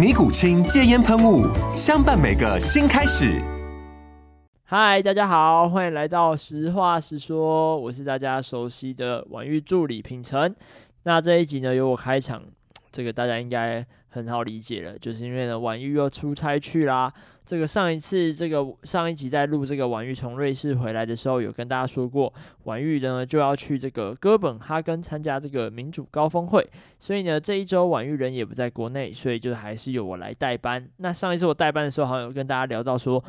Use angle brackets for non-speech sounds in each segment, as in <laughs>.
尼古清戒煙噴霧，相伴每個新開始。嗨，大家好，歡迎來到實話實說，我是大家熟悉的婉諭助理品辰。那這一集呢，由我開場，這個大家應該很好理解了，就是因為呢，婉諭要出差去啦。這個上一次，這個上一集在錄這個婉諭從瑞士回來的時候，有跟大家說過，婉諭呢就要去這個哥本哈根參加這個民主高峰會，所以呢這一周婉諭人也不在國內，所以就還是由我來代班。那上一次我代班的時候，好像有跟大家聊到說，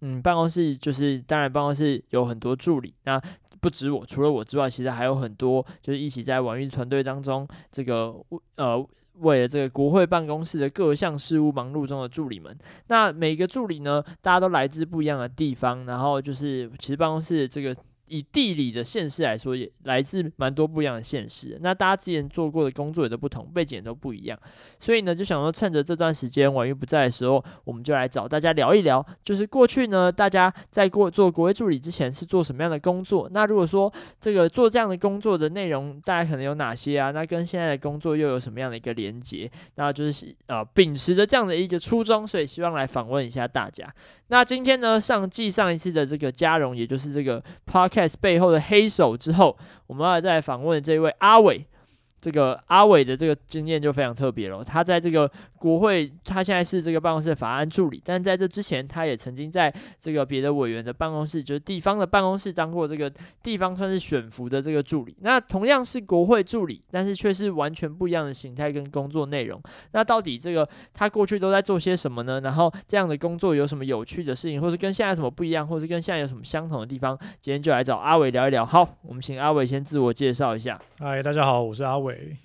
嗯，辦公室就是當然辦公室有很多助理，那不止我，除了我之外，其實還有很多就是一起在婉諭團隊當中，這個呃。為了這個國會辦公室的各項事務忙碌中的助理們，那每個助理呢，大家都來自不一樣的地方，然後就是其實辦公室這個。以地理的縣市來說，也來自蠻多不一樣的縣市。那大家之前做過的工作也都不同，背景也都不一樣，所以呢，就想說趁着這段時間婉諭不在的時候，我們就來找大家聊一聊，就是過去呢，大家在過做國會助理之前是做什麼樣的工作？那如果說這個做這樣的工作的內容，大家可能有哪些啊？那跟現在的工作又有什麼樣的一個連接？那就是呃、啊，秉持着這樣的一個初衷，所以希望來訪問一下大家。那今天呢，上繼上一次的這個加絨，也就是這個 Park。背後的黑手之後，我們要再來訪問這位阿緯。這個阿緯的這個經驗就非常特別了。他在這個國會，他現在是這個辦公室的法案助理，但在這之前，他也曾經在這個別的委員的辦公室，就是地方的辦公室，當過這個地方算是選服的這個助理。那同樣是國會助理，但是卻是完全不一樣的形態跟工作內容。那到底這個他過去都在做些什麼呢？然後這樣的工作有什麼有趣的事情，或者跟現在有什麼不一樣，或者是跟現在有什麼相同的地方？今天就來找阿緯聊一聊。好，我們請阿緯先自我介紹一下。嗨，大家好，我是阿緯。喂，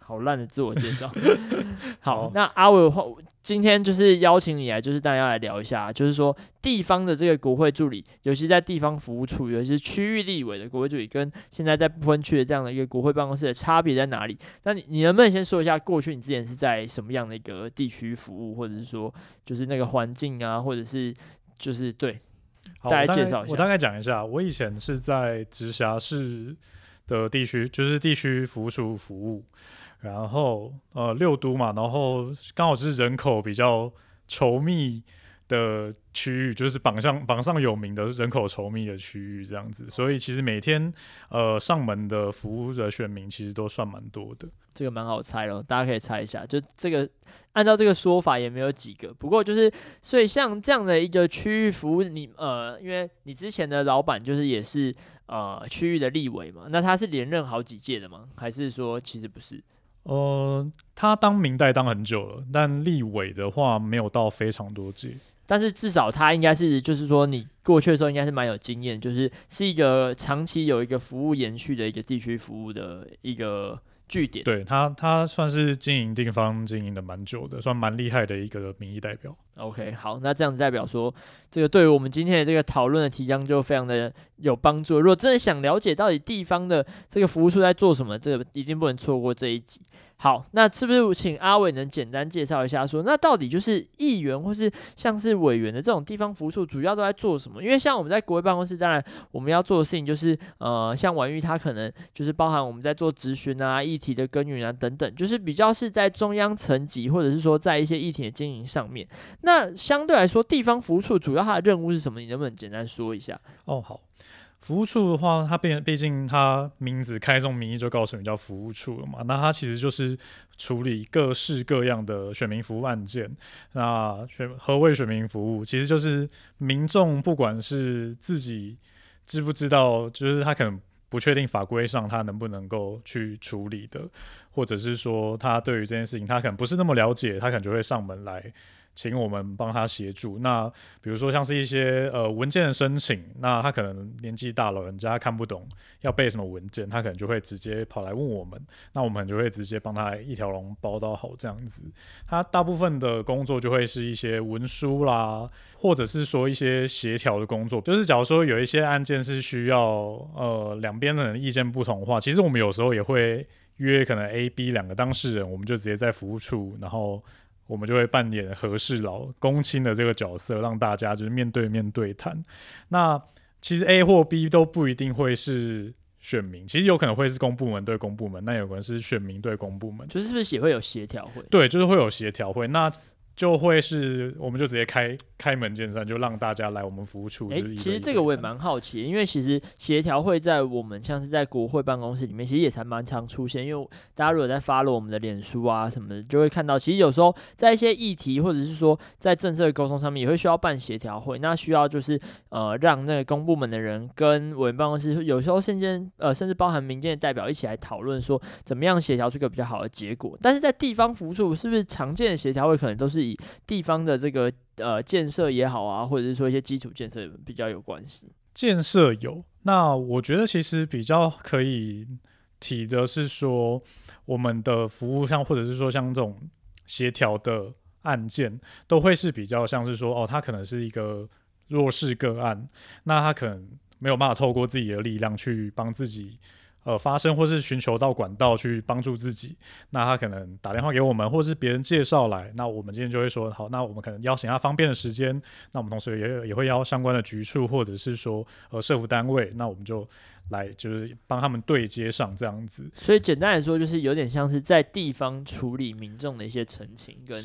好爛的自我介紹。 <laughs> 好，那阿緯我今天就是邀請你來，就是大家來聊一下，就是說地方的這個國會助理，尤其在地方服務處，尤其是區域立委的國會助理，跟現在在不分區的這樣的一個國會辦公室的差別在哪裡？那你你能不能先說一下，過去你之前是在什麼樣的一個地區服務，或者是說就是那個環境啊，或者是就是對，大家介紹一下我，我大概講一下，我以前是在直轄市的地區就是地區服務處服務，然後呃，六都嘛，然後剛好就是人口比較稠密的區域，就是榜上榜上有名的人口稠密的區域這樣子，所以其實每天呃，上門的服務的選民其實都算蠻多的，這個蠻好猜的，大家可以猜一下，就這個按照這個說法也沒有幾個，不過就是所以像這樣的一個區域服務，你呃，因為你之前的老板就是也是。呃，區域的立委嘛，那他是連任好幾屆的嗎？還是說其實不是？呃，他當民代當很久了，但立委的話沒有到非常多屆。但是至少他應該是，就是說你過去的時候應該是蠻有經驗，就是是一個長期有一個服務延續的一個地區服務的一個。據點，對他，他算是經營地方經營的蠻久的，算蠻厲害的一個民意代表。OK，好，那這樣子代表說，這個對於我們今天的這個討論的提綱就非常的有幫助。如果真的想了解到底地方的這個服務處在做什麼，這個一定不能錯過這一集。好，那是不是請阿緯能簡單介紹一下說，說那到底就是議員或是像是委員的這種地方服務處，主要都在做什麼？因為像我們在國會辦公室，當然我們要做的事情就是，呃，像婉諭她可能就是包含我們在做質詢啊、議題的耕耘啊等等，就是比較是在中央層級或者是說在一些議題的經營上面。那相對來說，地方服務處主要它的任務是什麼？你能不能簡單說一下？哦，好。服務處的話，他畢畢竟他名字開宗明義就告訴你叫服務處了嘛，那他其實就是處理各式各樣的選民服務案件。那選何為選民服務？其實就是民眾，不管是自己知不知道，就是他可能不確定法規上他能不能夠去處理的，或者是說他對於這件事情他可能不是那麼了解，他可能就會上門來。請我們幫他協助。那比如說像是一些呃文件的申請，那他可能年紀大了，人家看不懂，要背什麼文件，他可能就會直接跑來問我們。那我們就會直接幫他一條龍包到好這樣子。他大部分的工作就會是一些文書啦，或者是說一些協調的工作。就是假如說有一些案件是需要呃兩邊的人意見不同的話，其實我們有時候也會約可能 A、B 兩個當事人，我們就直接在服務處，然後。我們就會扮演和事佬、公親的這個角色，讓大家就是面對面對談。那其實 A 或 B 都不一定會是選民，其實有可能會是公部門對公部門，那有可能是選民對公部門，就是是不是也會有協調會？對，就是會有協調會。那。就會是，我們就直接開開門見山，就讓大家來我們服務處。就是一個一個一個欸、其實這個我也蠻好奇，因為其實協調會在我們像是在國會辦公室裡面，其實也才蠻常出現。因為大家如果在 follow 我們的臉書啊什麼的，就會看到，其實有時候在一些議題或者是說在政策溝通上面，也會需要辦協調會。那需要就是呃，讓那個公部門的人跟委員辦公室，有時候甚至呃，甚至包含民間的代表一起來討論，說怎麼樣協調出一個比較好的結果。但是在地方服務處，是不是常見的協調會可能都是？地方的這個呃建設也好啊，或者是說一些基礎建設也比較有關係。建設有，那我覺得其實比較可以提的是說，我們的服務上，或者是說像這種協調的案件，都會是比較像是說，哦，他可能是一個弱勢個案，那他可能沒有辦法透過自己的力量去幫自己，呃，發聲，或是尋求到管道去幫助自己，那他可能打電話給我們，或是別人介紹來，那我們今天就會說好，那我們可能邀請他方便的時間，那我們同時也也會邀相關的局處或者是說呃社福單位，那我們就。來就是幫他們對接上這樣子，所以簡單來說，就是有點像是在地方處理民眾的一些陳情跟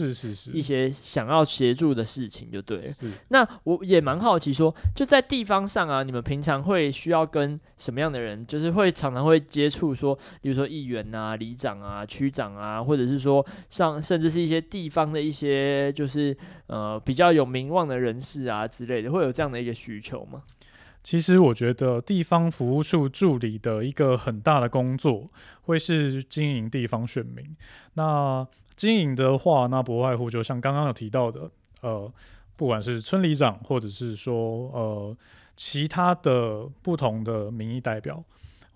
一些想要協助的事情，就對。是是是。那我也蠻好奇說，說就在地方上啊，你們平常會需要跟什麼樣的人，就是會常常會接觸，說比如說議員啊、里長啊、區長啊，或者是說像甚至是一些地方的一些就是呃比較有名望的人士啊之類的，會有這樣的一個需求嗎？其實我覺得地方服務處助理的一個很大的工作，會是經營地方選民。那經營的話，那不外乎就像剛剛有提到的，呃，不管是村里長或者是說呃其他的不同的民意代表，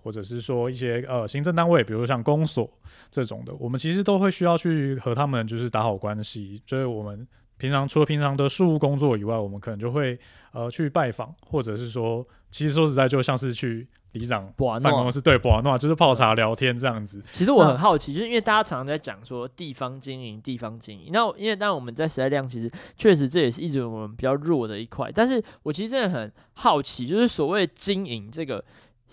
或者是說一些呃行政單位，比如說像公所這種的，我們其實都會需要去和他們就是打好關係，所以我們。平常除了平常的事務工作以外，我們可能就會呃去拜訪，或者是說，其實說實在，就像是去里長辦公室對，不阿就是泡茶聊天這樣子，嗯。其實我很好奇，就是因為大家常常在講說地方經營，地方經營。那因為當然我們在時代力量，其實確實這也是一直我們比較弱的一塊。但是我其實真的很好奇，就是所謂經營這個。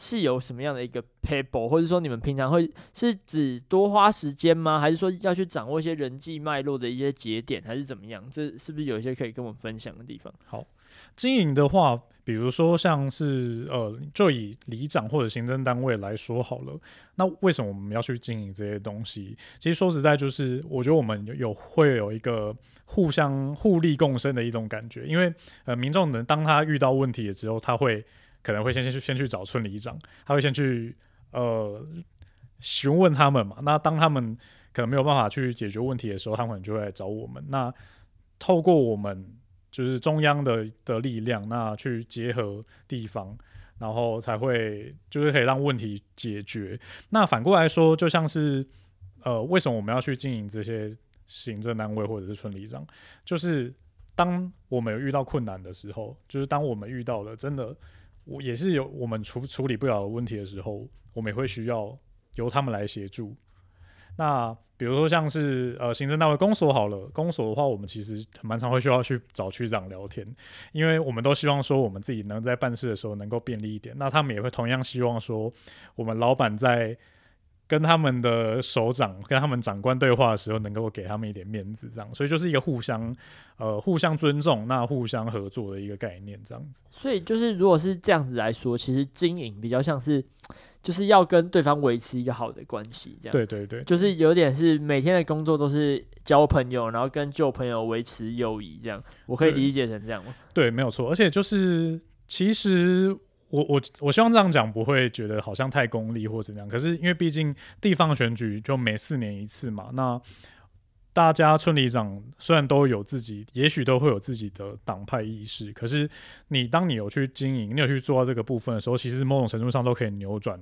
是有什麼樣的一個 people，或者說你們平常會是指多花時間嗎？還是說要去掌握一些人際脈絡的一些節點，還是怎麼樣？這是不是有一些可以跟我們分享的地方？好，經營的話，比如說像是呃，就以里長或者行政單位來說好了。那為什麼我們要去經營這些東西？其實說實在，就是我覺得我們有，有會有一個互相互利共生的一種感覺，因為呃，民眾呢，當他遇到問題的時候，他會。可能會先先去先去找村里長，他會先去呃詢問他們嘛。那當他們可能沒有辦法去解決問題的時候，他們可能就會來找我們。那透過我們就是中央的的力量，那去結合地方，然後才會就是可以讓問題解決。那反過來說，就像是呃，為什麼我們要去經營這些行政單位或者是村里長？就是當我們遇到困難的時候，就是當我們遇到了真的。我也是有我們處處理不了的問題的時候，我們也會需要由他們來協助。那比如說像是呃行政單位公所好了，公所的話，我們其實蠻常會需要去找區長聊天，因為我們都希望說我們自己能在辦事的時候能夠便利一點。那他們也會同樣希望說我們老板在。跟他們的首長、跟他們長官對話的時候，能夠給他們一點面子，這樣，所以就是一個互相呃、互相尊重、那互相合作的一個概念，這樣子。所以就是，如果是這樣子來說，其實經營比較像是，就是要跟對方維持一個好的關係，這樣。對對對，就是有點是每天的工作都是交朋友，然後跟舊朋友維持友誼，這樣，我可以理解成這樣嗎？對，沒有錯，而且就是其實。我我我希望這樣講不會覺得好像太功利或怎麼樣。可是因為畢竟地方選舉就每四年一次嘛，那大家村里長雖然都有自己，也許都會有自己的黨派意識。可是你當你有去經營，你有去做到這個部分的時候，其實某種程度上都可以扭轉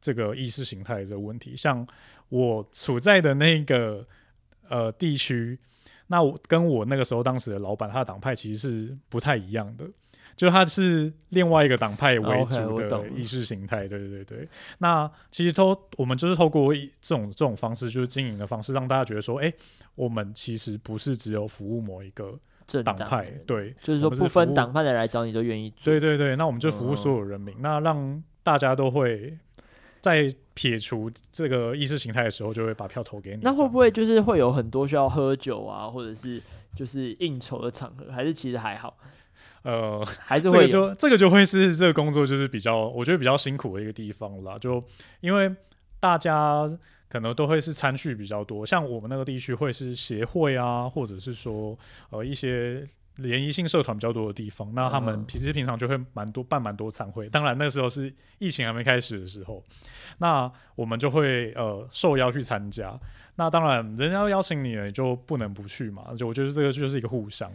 這個意識形態的這個問題。像我處在的那個呃地區，那跟我那個時候當時的老闆他的黨派其實是不太一樣的。就他是另外一個黨派為主的。oh, okay, 欸、意識形態，對對對，那其實都我們就是透過這種這種方式，就是經營的方式，讓大家覺得說，哎、欸，我們其實不是只有服務某一個黨派，對，就是說是不分黨派的來，來找你都願意。對對對，那我們就服務所有人民，嗯哦、那讓大家都會在撇除這個意識形態的時候，就會把票投給你。那會不會就是會有很多需要喝酒啊，或者是就是應酬的場合，還是其實還好？呃，這個就這個就會是這個工作就是比較，我覺得比較辛苦的一個地方啦。就因為大家可能都會是餐聚比較多，像我們那個地區會是協會啊，或者是說呃一些。聯誼性社團比較多的地方，那他們平時平常就會蠻多、嗯、辦蠻多餐會。當然那時候是疫情還沒開始的時候，那我們就會呃受邀去參加。那當然人家邀請你，你就不能不去嘛。就我覺得這個就是一個互相。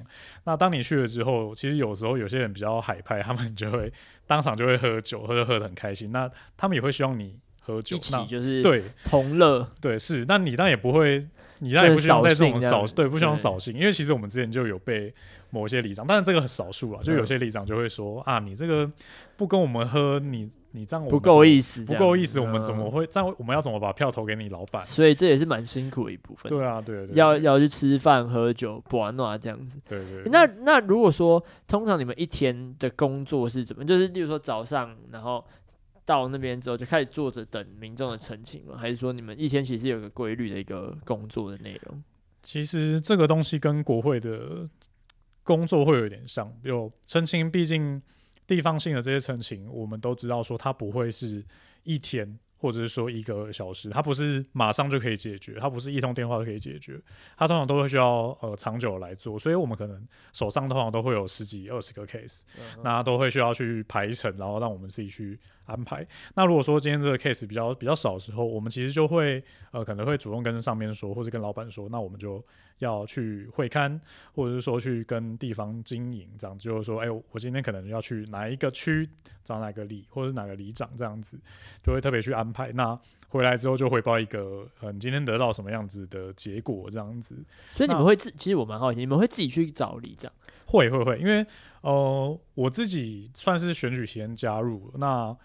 那當你去了之後，其實有時候有些人比較海派，他們就會當場就會喝酒，喝，喝得喝的很開心。那他們也會希望你喝酒，那你就是對同樂，對，對是。那你當然也不會，你當然也不希望在這種掃、就是、對，不希望掃興，因為其實我們之前就有被。某些里長，但是這個很少數啊。就有些里長就會說、嗯、啊，你這個不跟我們喝，你你這樣我不夠意思，不夠意思，我們怎麼會、嗯、這樣？我們要怎麼把票投給你老板？所以這也是蠻辛苦的一部分。對啊，對對，對，要要去吃飯喝酒，玩鬧這樣子。對對，對、欸。那那如果說，通常你們一天的工作是怎麼？就是例如說早上，然後到那邊之後就開始坐着等民眾的陳情了，還是說你們一天其實有個規律的一個工作的內容？其實這個東西跟國會的。工作會有點像，有陳情，畢竟地方性的這些陳情，我們都知道說它不會是一天，或者是說一個小時，它不是馬上就可以解決，它不是一通電話就可以解決，它通常都會需要呃長久來做，所以我們可能手上通常都會有十幾、二十個 case，那，嗯嗯、都會需要去排程，然後讓我們自己去。安排。那如果說今天這個 case 比較比較少的時候，我們其實就會呃可能會主動跟上面說，或者跟老闆說，那我們就要去會勘或者是說去跟地方經營這樣，就是說，哎、欸，我今天可能要去哪一個區找哪個里，或者是哪個里長這樣子，就會特別去安排。那回來之後就匯報一個，嗯、呃，今天得到什麼樣子的結果這樣子。所以你們會自，其實我蠻好奇，你們會自己去找里長？會會會，因為呃，我自己算是選舉前加入那。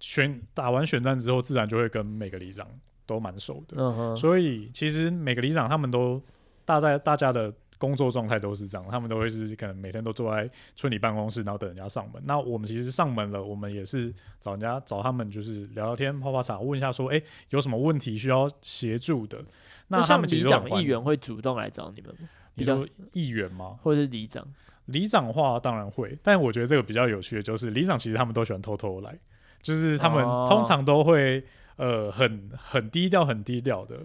選打完選戰之後，自然就會跟每個里長都蠻熟的。Uh -huh. 所以其實每個里長他們都，大家大，大家的工作狀態都是這樣，他們都會是可能每天都坐在村里辦公室，然後等人家上門。那我們其實上門了，我們也是找人家找他們，就是聊聊天、泡泡茶，問一下說，哎、欸，有什麼問題需要協助的？那他們其實像里長、議員會主動來找你們嗎？比如議員嗎？或者是里長？里長的話當然會，但我覺得這個比較有趣的就是，里長其實他們都喜歡偷偷來。就是他們通常都會呃，很很低調很低調的，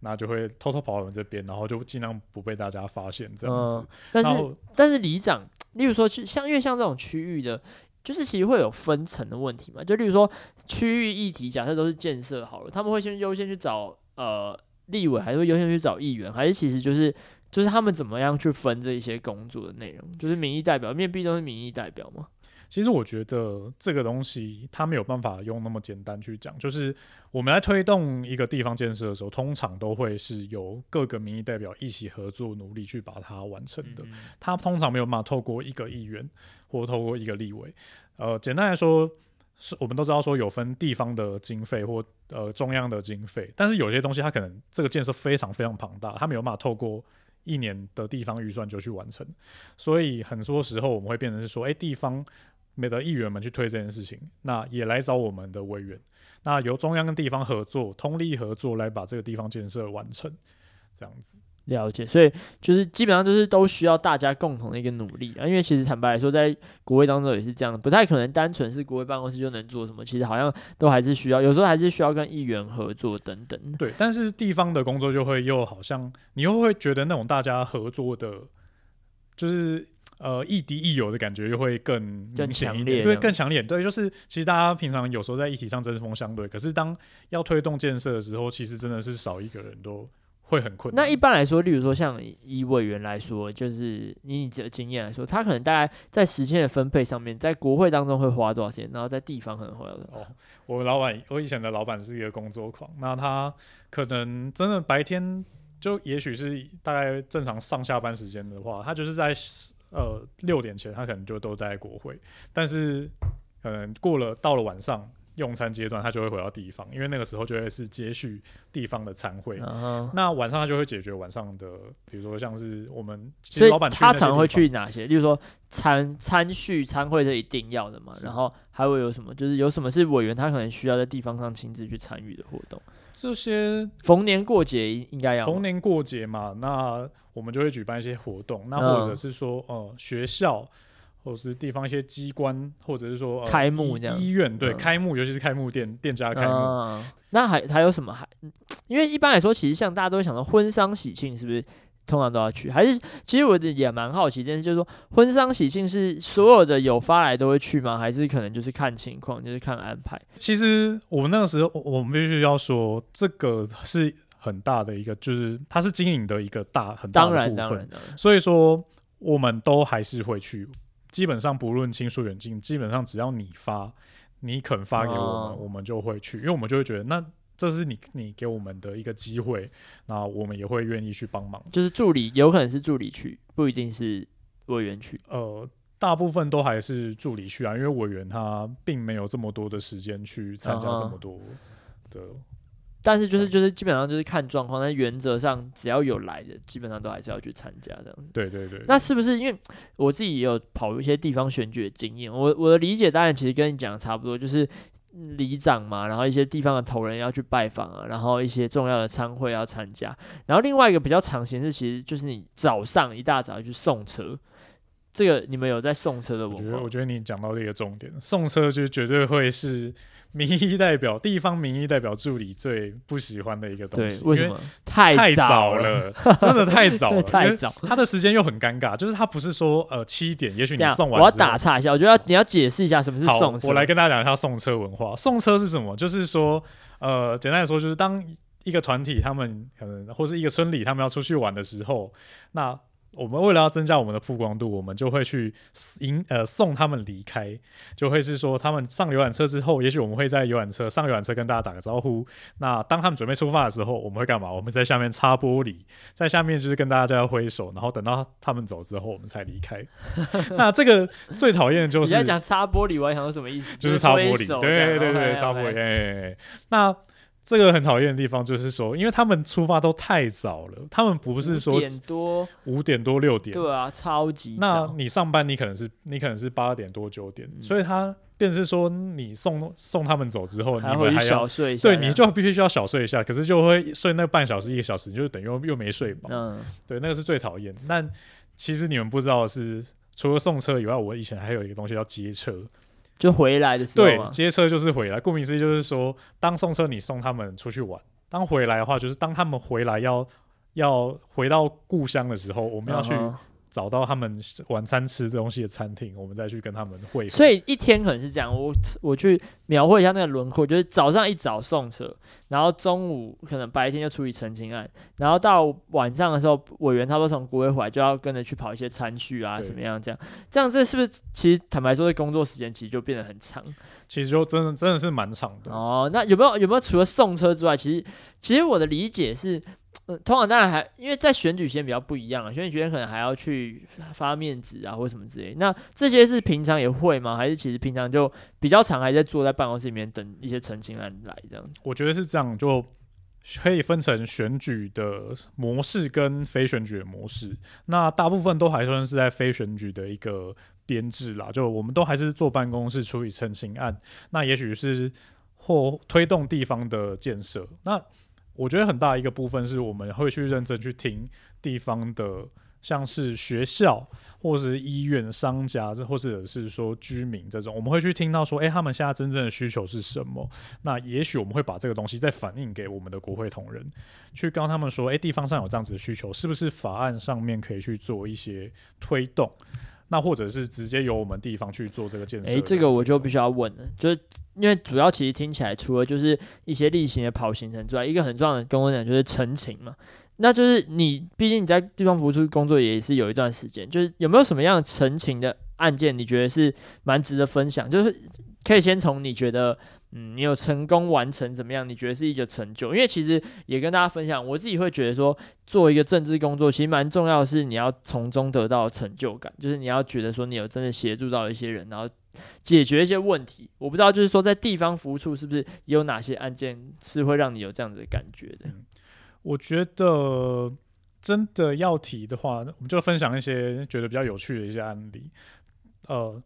那就會偷偷跑我們這邊，然後就盡量不被大家發現這樣子。嗯、但是但是里長，例如說去像因為像這種區域的，就是其實會有分層的問題嘛？就例如說區域議題，假設都是建設好了，他們會先優先去找呃立委，還是優先去找議員？還是其實就是就是他們怎麼樣去分這些工作的內容？就是民意代表，畢竟都是民意代表嘛？其實我覺得這個東西它沒有辦法用那麼簡單去講，就是我們在推動一個地方建設的時候，通常都會是由各個民意代表一起合作努力去把它完成的。它通常沒有辦法透過一個議員或透過一個立委。呃，簡單來說，是我們都知道說有分地方的經費或呃中央的經費，但是有些東西它可能這個建設非常非常龐大，它沒有辦法透過一年的地方預算就去完成。所以很多時候我們會變成是說，誒，地方。美的議員們去推這件事情，那也來找我們的委員。那由中央跟地方合作，通力合作來把這個地方建設完成，這樣子了解。所以就是基本上就是都需要大家共同的一個努力啊。因為其實坦白來說，在國會當中也是這樣的，不太可能單純是國會辦公室就能做什麼。其實好像都還是需要，有時候還是需要跟議員合作等等。對，但是地方的工作就會又好像你又會覺得那種大家合作的，就是。呃，亦敵亦友的感覺又會更更強烈，對，更強烈。對，就是其實大家平常有時候在議題上針鋒相對，可是當要推動建設的時候，其實真的是少一個人都會很困難。那一般來說，例如說像以委員來說，就是以你，你的經驗來說，他可能大概在時間的分配上面，在國會當中會花多少錢，然後在地方會花多少？哦，我老闆，我以前的老闆是一個工作狂，那他可能真的白天就也許是大概正常上下班時間的話，他就是在。呃，六點前他可能就都在國會，但是可能過了到了晚上用餐階段，他就會回到地方，因為那個時候就會是接續地方的餐會。Uh -huh. 那晚上他就會解決晚上的，比如說像是我們，其實老板他常，常會去哪些？就是說餐餐敘餐會是一定要的嘛？然後還會有，有什麼？就是有什麼是委員他可能需要在地方上親自去參與的活動？這些逢年過節應該要逢年過節嘛，那我們就會舉辦一些活動，那或者是說呃、嗯嗯、學校或者是地方一些機關，或者是說、呃、開幕這樣醫院對、嗯、開幕，尤其是開幕店店家的開幕，嗯嗯嗯嗯那還還有什麼還？因為一般來說，其實像大家都會想到婚喪喜慶，是不是？通常都要去，還是其實我的也蠻好奇的，但是就是說，婚喪喜慶是所有的有發來都會去嗎？還是可能就是看情況，就是看安排？其實我們那個時候，我們必須要說，這個是很大的一個，就是它是經營的一個大很大的部分。當然，當然，所以說，我們都還是會去，基本上不論親疏遠近，基本上只要你發，你肯發給我們，哦，我們就會去，因為我們就會覺得那。這是你你給我們的一個機會，那我們也會願意去幫忙。就是助理有可能是助理去，不一定是委員去。呃，大部分都還是助理去啊，因為委員他並沒有這麼多的時間去參加這麼多的。啊、對。但是就是就是基本上就是看狀況，但原則上只要有來的，基本上都還是要去參加這樣子。對對對。那是不是因為我自己也有跑一些地方選舉的經驗？我我的理解當然其實跟你講的差不多，就是。里長嘛，然後一些地方的頭人要去拜訪，啊，然後一些重要的餐會要參加，然後另外一個比較常形是，其實就是你早上一大早就去送車。這個你們有在送車的我覺得，我覺得你講到這個重點，送車就絕對會是民意代表、地方民意代表助理最不喜歡的一個東西，對，為什麼為太早了，早了 <laughs> 真的太早了， <laughs> 太早了，他的時間又很尷尬，就是他不是說呃七點，也許你送完，我要打岔一下，我覺得要你要解釋一下什麼是送車。我來跟大家講一下送車文化。送車是什麼？就是說，呃，簡單來說，就是當一個團體他們可能或是一個村里他們要出去玩的時候，那。我們為了要增加我們的曝光度，我們就會去迎呃送他們離開，就會是說他們上遊覽車之後，也許我們會在遊覽車上遊覽車跟大家打個招呼。那當他們準備出發的時候，我們會幹嘛？我們在下面擦玻璃，在下面就是跟大家揮手，然後等到他們走之後，我們才離開。 <laughs> 那這個最討厭的就是你要講擦玻璃，我還想說什麼意思？就是擦玻璃，對對對，對，擦玻璃。哎哎哎哎，那。這個很討厭的地方就是說，因為他們出發都太早了，他們不是說五點,五點多六點，對啊，超級。那你上班你可能是你可能是八點多九點，嗯、所以他便是說你送送他們走之後，還會小睡一下，對，你就必須需要，要小睡一下，可是就會睡那半小時一個小時，你就等於又又沒睡飽，嗯，對，那個是最討厭。那其實你們不知道的是，除了送車以外，我以前還有一個東西叫接車。就回來的時候，對，接車就是回來。顧名思義，就是說，當送車你送他們出去玩，當回來的話，就是當他們回來要要回到故鄉的時候，我們要去。Uh-huh. 找到他們晚餐吃東西的餐廳，我們再去跟他們會一會。所以一天可能是這樣，我我去描繪一下那個輪廓，就是早上一早送車，然後中午可能白天就處理陳情案，然後到晚上的時候，委員他們從國會回來，就要跟着去跑一些餐敘啊，怎麼樣？這樣，這樣這是不是其實坦白說，的工作時間其實就變得很長？其實就真的真的是蠻長的。哦，那有沒有有沒有除了送車之外，其實其實我的理解是。嗯、通常當然還因為在選舉期間比較不一樣、啊，選舉期間可能還要去發面紙啊或什麼之類。那這些是平常也會嗎？還是其實平常就比較常還在坐在辦公室裡面等一些澄清案來這樣子？我覺得是這樣，就可以分成選舉的模式跟非選舉的模式。那大部分都還算是在非選舉的一個編制啦，就我們都還是坐辦公室處理澄清案。那也許是或推動地方的建設，那。我覺得很大的一個部分是我們會去認真去聽地方的，像是學校或是醫院、商家，或者或者是說居民這種，我們會去聽到說，欸，他們現在真正的需求是什麼？那也許我們會把這個東西再反映給我們的國會同仁，去跟他們說，欸，地方上有這樣子的需求，是不是法案上面可以去做一些推動？那或者是直接由我們地方去做這個建設？誒，這個我就必須要問了，就是因為主要其實聽起來，除了就是一些例行的跑行程之外，一個很重要的工作呢，就是陳情嘛。那就是你畢竟你在地方服務處工作也是有一段時間，就是有沒有什麼樣陳情的案件，你覺得是蠻值得分享？就是可以先從你覺得。嗯，你有成功完成怎麼樣？你覺得是一個成就？因為其實也跟大家分享，我自己會覺得說，做一個政治工作其實蠻重要的是，你要從中得到成就感，就是你要覺得說，你有真的協助到一些人，然後解決一些問題。我不知道，就是說在地方服務處是不是也有哪些案件是會讓你有這樣子的感覺的？嗯，我覺得真的要提的話，我們就分享一些覺得比較有趣的一些案例，呃。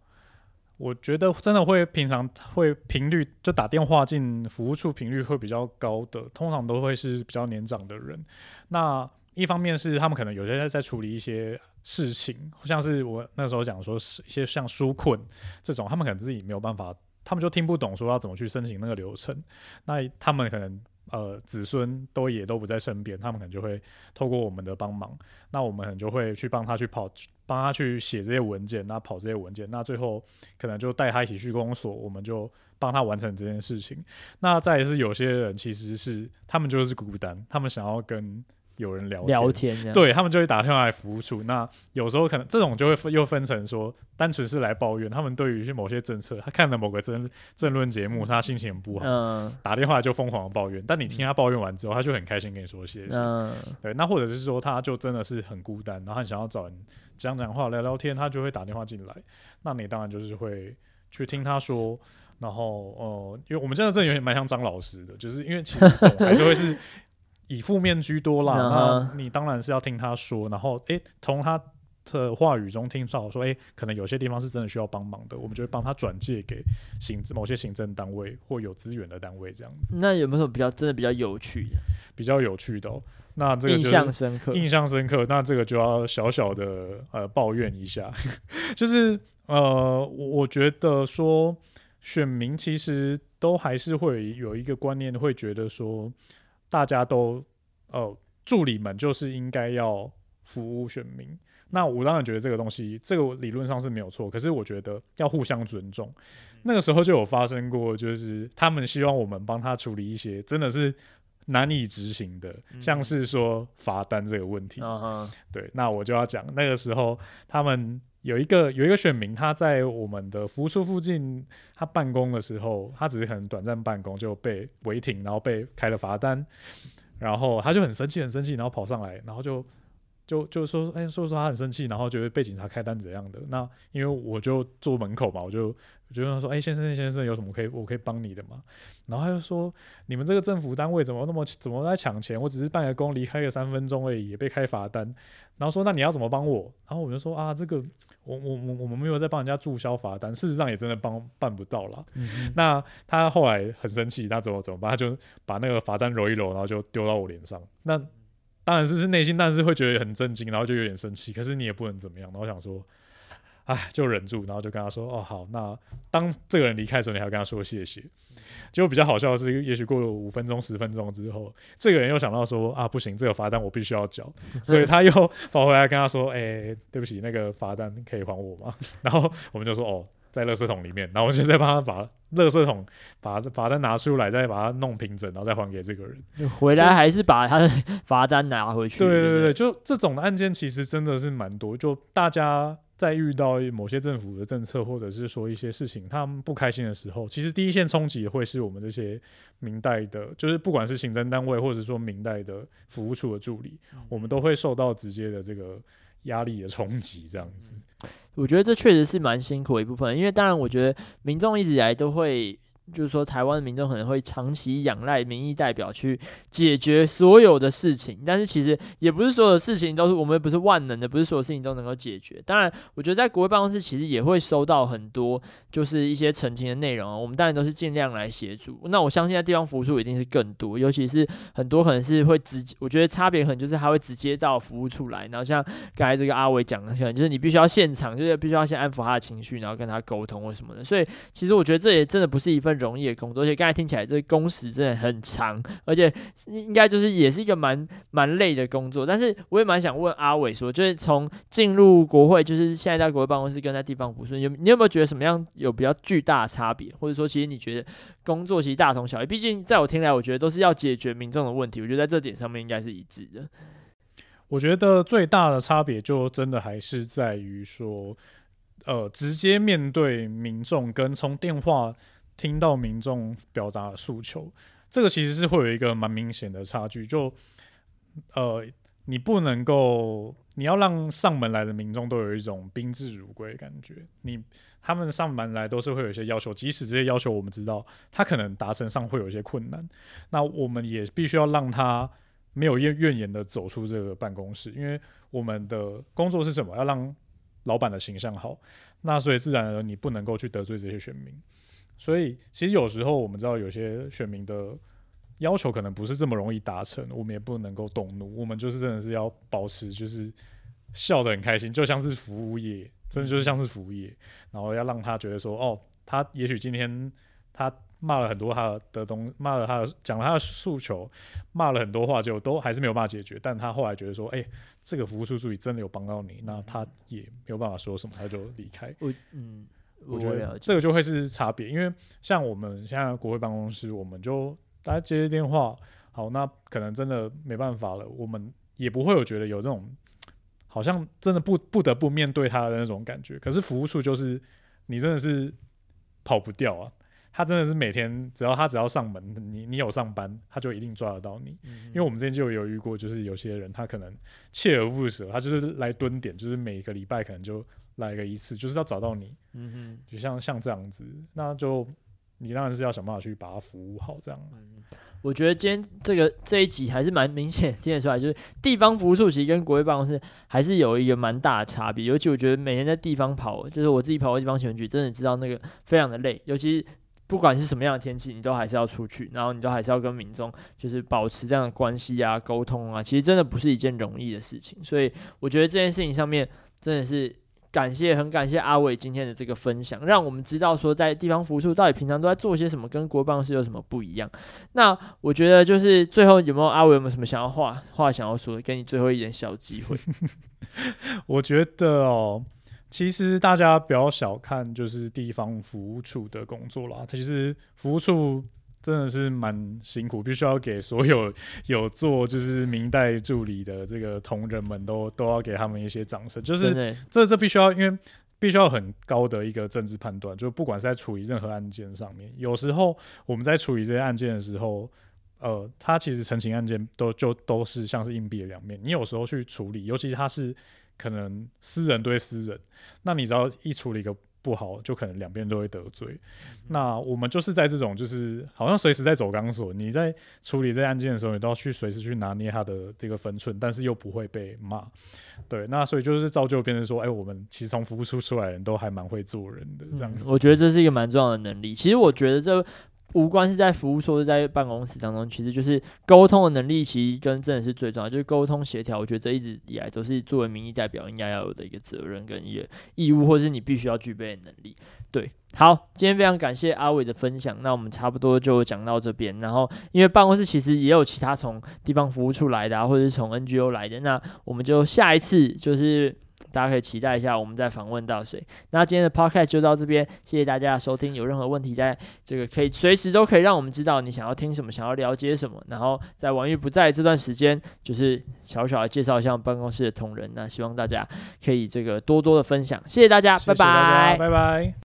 我覺得真的會，平常會頻率就打電話進服務處頻率會比較高的，通常都會是比較年長的人。那一方面是他們可能有些在處理一些事情，像是我那時候講說是一些像紓困這種，他們可能自己沒有辦法，他們就聽不懂說要怎麼去申請那個流程，那他們可能。呃，子孫都也都不在身邊，他們可能就會透過我們的幫忙，那我們可能就會去幫他去跑，幫他去寫這些文件，那跑這些文件，那最後可能就帶他一起去公所，我們就幫他完成這件事情。那再是有些人其實是他們就是孤單，他們想要跟。有人聊天，聊天啊、對，他們就會打電話來服務處。那有時候可能這種就會分又分成說，單純是來抱怨。他們對於某些政策，他看了某個政論節目，他心情很不好，呃，打電話就瘋狂的抱怨。但你聽他抱怨完之後，嗯、他就很開心跟你說謝謝，呃。對，那或者是說，他就真的是很孤單，然後你想要找人講講話、聊聊天，他就會打電話進來。那你當然就是會去聽他說，然後哦、呃，因為我們真的真這有點蠻像張老師的，就是因為其實總還是會是。 <laughs> 以負面居多啦，啊、uh -huh.，那你當然是要聽他說，然後誒，從、欸、他的話語中聽到說，誒、欸，可能有些地方是真的需要幫忙的，我們就會幫他轉介給行某些行政單位或有資源的單位這樣子。那有沒有比較真的比較有趣比較有趣的？哦，那這個、就是、印象深刻，印象深刻。那這個就要小小的呃抱怨一下， <laughs> 就是呃，我我覺得說，選民其實都還是會有一個觀念，會覺得說。大家都，呃，助理們就是應該要服務選民。那我當然覺得這個東西，這個理論上是沒有錯。可是我覺得要互相尊重。嗯，那個時候就有發生過，就是他們希望我們幫他處理一些真的是難以執行的，嗯，像是說罰單這個問題。啊。對，那我就要講，那個時候他們。有一個有一個選民，他在我們的服務處附近，他辦公的時候，他只是很短暫辦公就被違停，然後被開了罰單，然後他就很生氣很生氣，然後跑上來，然後就就就說，哎、欸，說說他很生氣，然後就被警察開單怎樣的？那因為我就坐門口嘛，我就。我就他說，哎、欸，先生先生，有什麼可以我可以幫你的嗎？然後他就說，你們這個政府單位怎麼那麼怎麼在搶錢？我只是辦個工，離開個三分鐘而已，也被開罰單。然後說，那你要怎麼幫我？然後我就說啊，這個我我我我們沒有在幫人家註銷罰單，事實上也真的幫辦不到了、嗯。那他後來很生氣，那怎麼怎麼辦？他就把那個罰單揉一揉，然後就丟到我臉上。那當然是內心，但是會覺得很震驚，然後就有點生氣。可是你也不能怎麼樣。然後想說。哎，就忍住，然後就跟他說：“哦，好，那當這個人離開的時候，你還要跟他說謝謝。”結果比較好笑的是，也許過了五分鐘、十分鐘之後，這個人又想到說：“啊，不行，這個罰單我必須要繳。”所以他又跑回來跟他說：“哎、欸，對不起，那個罰單可以還我嗎？”然後我們就說：“哦，在垃圾桶裡面。”然後我們就再幫他把垃圾桶把罰單拿出來，再把它弄平整，然後再還給這個人。回來還是把他的罰單拿回去。對，對對對，就這種的案件其實真的是蠻多，就大家。在遇到某些政府的政策，或者是說一些事情，他們不開心的時候，其實第一線衝擊也會是我們這些民代的，就是不管是行政單位，或者說民代的服務處的助理，我們都會受到直接的這個壓力的衝擊。這樣子，我覺得這確實是蠻辛苦的一部分，因為當然，我覺得民眾一直以來都會。就是說，台灣的民眾可能會長期仰賴民意代表去解決所有的事情，但是其實也不是所有的事情都是我們也不是萬能的，不是所有事情都能夠解決。當然，我覺得在國會辦公室其實也會收到很多，就是一些澄清的內容。我們當然都是盡量來協助。那我相信在地方服務處一定是更多，尤其是很多可能是會直接，我覺得差別可能就是他會直接到服務處來。然後像剛才這個阿緯講的，可能就是你必須要現場，就是必須要先安撫他的情緒，然後跟他溝通或什麼的。所以其實我覺得這也真的不是一份。容易的工作，而且剛才聽起來，這個工時真的很長，而且應該就是也是一個蠻蠻累的工作。但是，我也蠻想問阿緯說，就是從進入國會，就是現在在國會辦公室跟在地方服務處，有你有沒有覺得什麼樣有比較巨大的差別？或者說，其實你覺得工作其實大同小異？畢竟，在我聽來，我覺得都是要解決民眾的問題。我覺得在這點上面應該是一致的。我覺得最大的差別就真的還是在於說，呃，直接面對民眾跟從電話。聽到民眾表達訴求，這個其實是會有一個蠻明顯的差距。就呃，你不能夠，你要讓上門來的民眾都有一種賓至如歸的感覺。你他們上門來都是會有一些要求，即使這些要求我們知道，他可能達成上會有一些困難，那我們也必須要讓他沒有怨怨言的走出這個辦公室。因為我們的工作是什麼？要讓老板的形象好，那所以自然而然你不能夠去得罪這些選民。所以，其實有時候我們知道，有些選民的要求可能不是這麼容易達成，我們也不能夠動怒，我們就是真的是要保持，就是笑得很開心，就像是服務業，真的就是像是服務業，然後要讓他覺得說，哦，他也許今天他罵了很多他的東西，罵了他的，講了他的訴求，罵了很多話，就都還是沒有辦法解決，但他後來覺得說，哎、欸，這個服務處也真的有幫到你，那他也沒有辦法說什麼，他就離開。我嗯。我覺得這個就會是差別，因為像我們現在國會辦公室，我們就大家接接電話，好，那可能真的沒辦法了，我們也不會有覺得有這種好像真的不不得不面對他的那種感覺。可是服務處就是你真的是跑不掉啊，他真的是每天只要他只要上門，你你有上班，他就一定抓得到你。嗯嗯因為我們之前就有猶豫過，就是有些人他可能鍥而不捨，他就是來蹲點，就是每個禮拜可能就。來個一次，就是要找到你，嗯哼，就像像這樣子，那就你當然是要想辦法去把它服務好，這樣。我覺得今天這個這一集還是蠻明顯聽得出來，就是地方服務處其實跟國會辦公室還是有一個蠻大的差別。尤其我覺得每天在地方跑，就是我自己跑過地方選舉，真的知道那個非常的累。尤其不管是什麼樣的天氣，你都還是要出去，然後你都還是要跟民眾就是保持這樣的關係啊、溝通啊，其實真的不是一件容易的事情。所以我覺得這件事情上面真的是。感謝，很感謝阿緯今天的這個分享，讓我們知道說在地方服務處到底平常都在做些什麼，跟國辦是有什麼不一樣。那我覺得就是最後有沒有阿緯有沒有什麼想要話話想要說，給你最後一點小機會。 <laughs> 我覺得哦，其實大家不要小看就是地方服務處的工作啦，它其實服務處。真的是蠻辛苦，必須要給所有有做就是民代助理的這個同仁們都，都都要給他們一些掌聲。就是這這必須要，因為必須要很高的一個政治判斷。就不管是在處理任何案件上面，有時候我們在處理這些案件的時候，呃，它其實陳情案件都就都是像是硬幣的兩面。你有時候去處理，尤其是它是可能私人對私人，那你只要一處理一個。不好，就可能兩邊都會得罪。那我們就是在這種，就是好像隨時在走鋼索。你在處理這案件的時候，你都要去隨時去拿捏他的這個分寸，但是又不會被罵。對，那所以就是造就變成說，哎、欸，我們其實從服務處出來的人都還蠻會做人的這樣子。嗯、我覺得這是一個蠻重要的能力。其實我覺得這。無關是在服務處，是在辦公室當中，其實，就是溝通的能力，其實跟真的是最重要，就是溝通協調。我覺得這一直以來都是作為民意代表應該要有的一個責任跟一個義務，或是你必須要具備的能力。對，好，今天非常感謝阿緯的分享，那我們差不多就講到這邊。然後因為辦公室其實也有其他從地方服務處來的，啊，或者是從 NGO 來的，那我們就下一次就是。大家可以期待一下，我們再訪問到誰。那今天的 podcast 就到這邊，謝謝大家的收聽。有任何問題在，在這個可以隨時都可以讓我們知道，你想要聽什麼，想要了解什麼。然後在婉諭不在這段時間，就是小小的介紹一下辦公室的同仁。那希望大家可以這個多多的分享，謝謝大家，謝謝大家拜拜，拜拜。